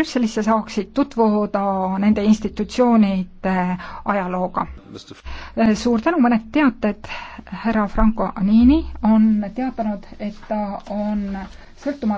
Brüsselisse saaksid tutvuda nende institutsioonide ajalooga. Äh, suur tänu, mõned teated, härra Franco Anini on teatanud, et ta on sõltumatu